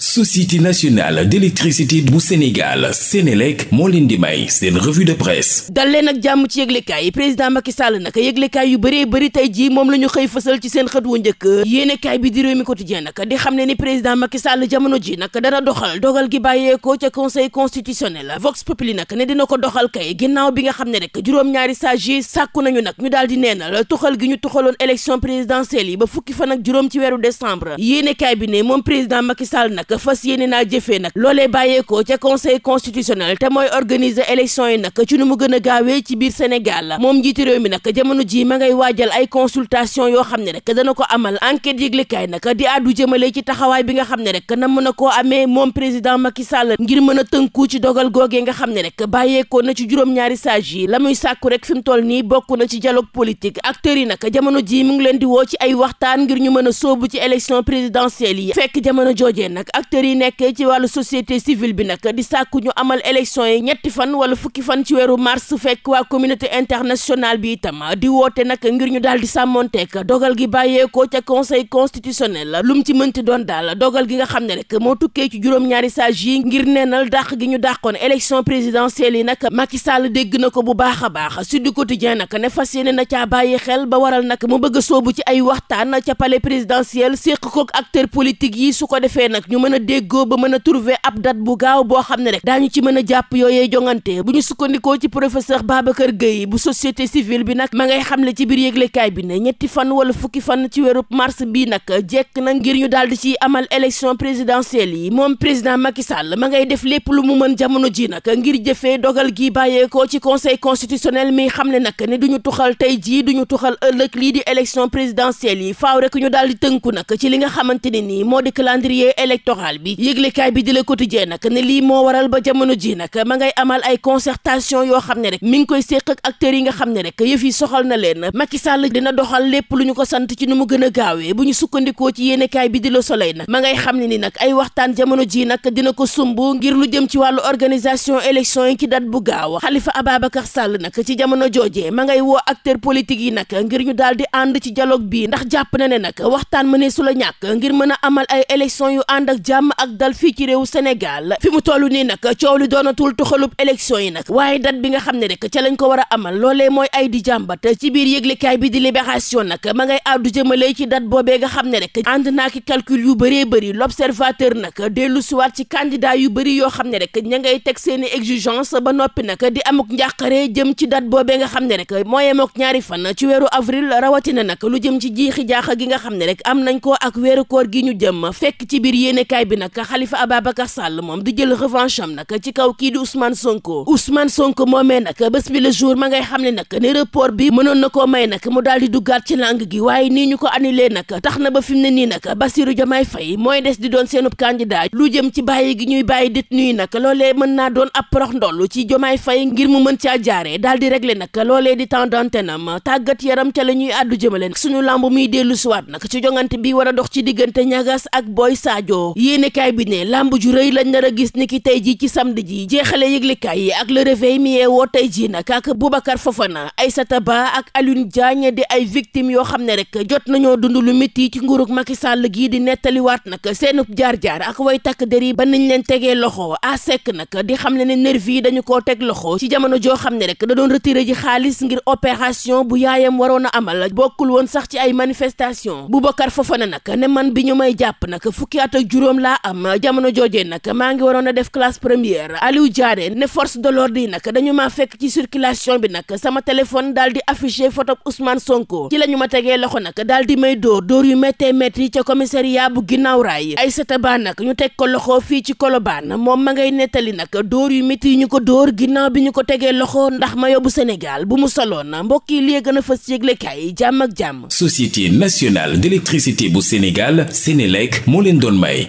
société nationale d'électricité bu Sénégal Sénélec moo leen di may seen revue de presse dal ak jàmm ci yëglekaay yi président Macky Sall naka yëglekaay yu bëree bëri tey jii moom la ñu xëy fësal ci seen xët wu njëkk yéenekaay bi di réew mi quotidien naka di xam ne ni président Macky Sall jamono ji naka dana doxal dogal gi bàyyeekoo ca conseil constitutionnel Vox Populi naka ne dina ko doxal kay ginnaaw bi nga xam ne rek juróom-ñaari sage yi sàkku nañu nag ñu daal di neenal tuxal gi ñu tuxaloon élection présidentielle yi ba fukki fan ak juróom ci weeru décembre yéenekaay bi ne moom président Macky Sall nag nag fas yéene naa jëfee nag loolee bàyyeekoo ca conseil constitutionnel te mooy organiser élection yi nag ci nu mu gën a gaawee ci biir Sénégal moom njiiti réew mi nag jamono ji ma ngay waajal ay consultation yoo xam ne rek dana ko amal enquête yëglekaay nag di àddu jëmale ci taxawaay bi nga xam ne rek na mën a koo amee moom président Macky Sall ngir mën a tënku ci dogal googee nga xam ne rek bàyyeekoo na ci juróom-ñaari sages yi la muy sàkku rek fi mu toll nii bokk na ci dialogue politique acteurs yi nag jamono ji mu ngi leen di woo ci ay waxtaan ngir ñu mën a sóobu ci élection présidentielle yi fekk jamono joojee nag acteurs yi nekk ci wàllu société civile bi nag di sàkku ñu amal élection yi ñetti fan wala fukki fan ci weeru mars fekk waa communauté internationale bi itam di woote nag ngir ñu daal di sàmmoon sàmmonteek dogal gi bàyyeekoo ca conseil constitutionnel lu mu ci mënti doon daal dogal gi nga xam ne rek moo tukkee ci juróom-ñaari sages yi ngir neenal dàq gi ñu dàqoon élection présidentielle yi nag Macky Sall dégg na ko bu baax a baax di Quotidien nag ne fa yéene na caa bàyyi xel ba waral nag mu bëgg soobu ci ay waxtaan ca palais présidentiel mën a déggoo ba mën a trouver ab dat bu gaaw boo xam ne rek daañu ci mën a jàpp yooyee jongante bu ñu sukkandikoo ci professeur Babacar Gueye bu société civile bi nag ma ngay xamle ci biir yëglekaay bi ne ñetti fan wala fukki fan ci weeru mars bii nag jekk nag ngir ñu daal di ci amal élection présidentielle yi moom président Macky Sall ma ngay def lépp lu mu mën jamono ji nag ngir jëfee dogal gi bàyyeekoo ci conseil constitutionnel mi xam ne nag ne duñu tuxal tey jii duñu tuxal ëllëg lii di élection présidentielle yi faaw rek ñu daal di tënku nag ci li nga xamante ne nii moo di calendrier électoral électorale bi yëglekaay bi di la quotidien nag ne lii moo waral ba jamono ji nag ma amal ay concertation yoo xam ne rek mi ngi koy séq ak acteurs yi nga xam ne rek yëf yi soxal na leen Macky Sall dina lu ñu ko sant ci nu a gaawee bu ñu sukkandikoo ci yéenekaay bi di la soleil nag ma ngay xam ne ni nag ay waxtaan jamono ji nag dina ko sumb ngir lu jëm ci wàllu organisation élection yi ci date bu gaaw Khalifa Ababacar Sall nag ci jamono joojee ma ngay woo acteur politique yi nag ngir ñu daal di ànd ci dialogue bi ndax jàpp na ne nag waxtaan mënee su la ñàkk ngir mën a amal ay élection jàmm ak dal fii ci réew Sénégal fi mu toll nii nag coow li doonatul tuxalub élection yi nag waaye dat bi nga xam ne rek ca lañ ko war a amal loole mooy ay di jàmbat ci biir yëglekaay bi di libération nag ma ngay àddu jëmale ci date boobee nga xam ne rek ànd naa ki calcul yu bëree bëri l'observateur nag dellu suwaat ci candidat yu bëri yoo xam ne rek ña ngay teg seeni exigence ba noppi nag di amuk njàqare jëm ci date boobee nga xam ne rek moo yem ñaari fan ci weeru avril rawatina nag lu jëm ci jiixi jaaxa gi nga xam ne rek am nañ ko ak weeru koor gi ñu jëm fekk ci biir yéene kaay bi nag Khalifa Ababacar sàll moom di jël revanche am nag ci kaw kii di Ousmane Sonko Ousmane Sonko moomee nag bés bi le jour ma ngay xam ne nag ne report bi mënoon na koo may nag mu daal di duggaat ci langue gi waaye nii ñu ko annulé nag tax na ba fi mu ne nii nag Bassirou Diomaye fay mooy des di doon seenub candidat lu jëm ci bàyyi gi ñuy bàyyi di yi nag loolee mën naa doon ab porox ndollu ci Diomaye Faye ngir mu mën caa jaaree daal di régler nag loolee di temps d'antenne am tàggat yaram ca la ñuy àddu jëmale nag suñu lamb muy dellu siwaat nag ci jongante bi war a dox ci diggante ñagas ak Boy Sadio yéenekaay bi ne lamb ju rëy lañ nar a gis ni ki tey ji ci samedi ji jeexale yëglekaay yi ak le réveil mi woo tey ji nag ak Boubacar Fofana Aïssata Ba ak Alioune Diagne di ay victimes yoo xam ne rek jot nañoo dund lu métti ci nguurug Macky sàll gii di nettaliwaat nag seenub jaar-jaar ak way takk der yi ba nañ leen tegee loxo a sekk nag di xam ne ne nervi yi dañu koo teg loxo ci jamono joo xam ne rek da doon retiré ji xaalis ngir opération bu yaayam waroon a amal bokkul woon sax ci ay manifestation Boubacar Fofana juróom laa am jamono joojee nag maa ngi waroon a def classe première Aliou Diaré ne force de l'ordre yi nag dañu ma fekk ci circulation bi nag sama téléphone daal di affiché photo Ousmane Sonko ci la ñu ma tegee loxo nag daal di may dóor dóor yu méttee métti ca commissariat bu ginnaaw raay Aïssata Ba nag ñu teg ko loxo fii ci Colobane moom ma ngay nettali nag dóor yu métti yi ñu ko dóor ginnaaw bi ñu ko tegee loxo ndax ma yóbbu Sénégal bu mu soloon mbokk yi li gën a fës yëglekaay jàmm ak jàmm. Société nationale d'électricité bu Sénégal Sénélec moo leen doon may.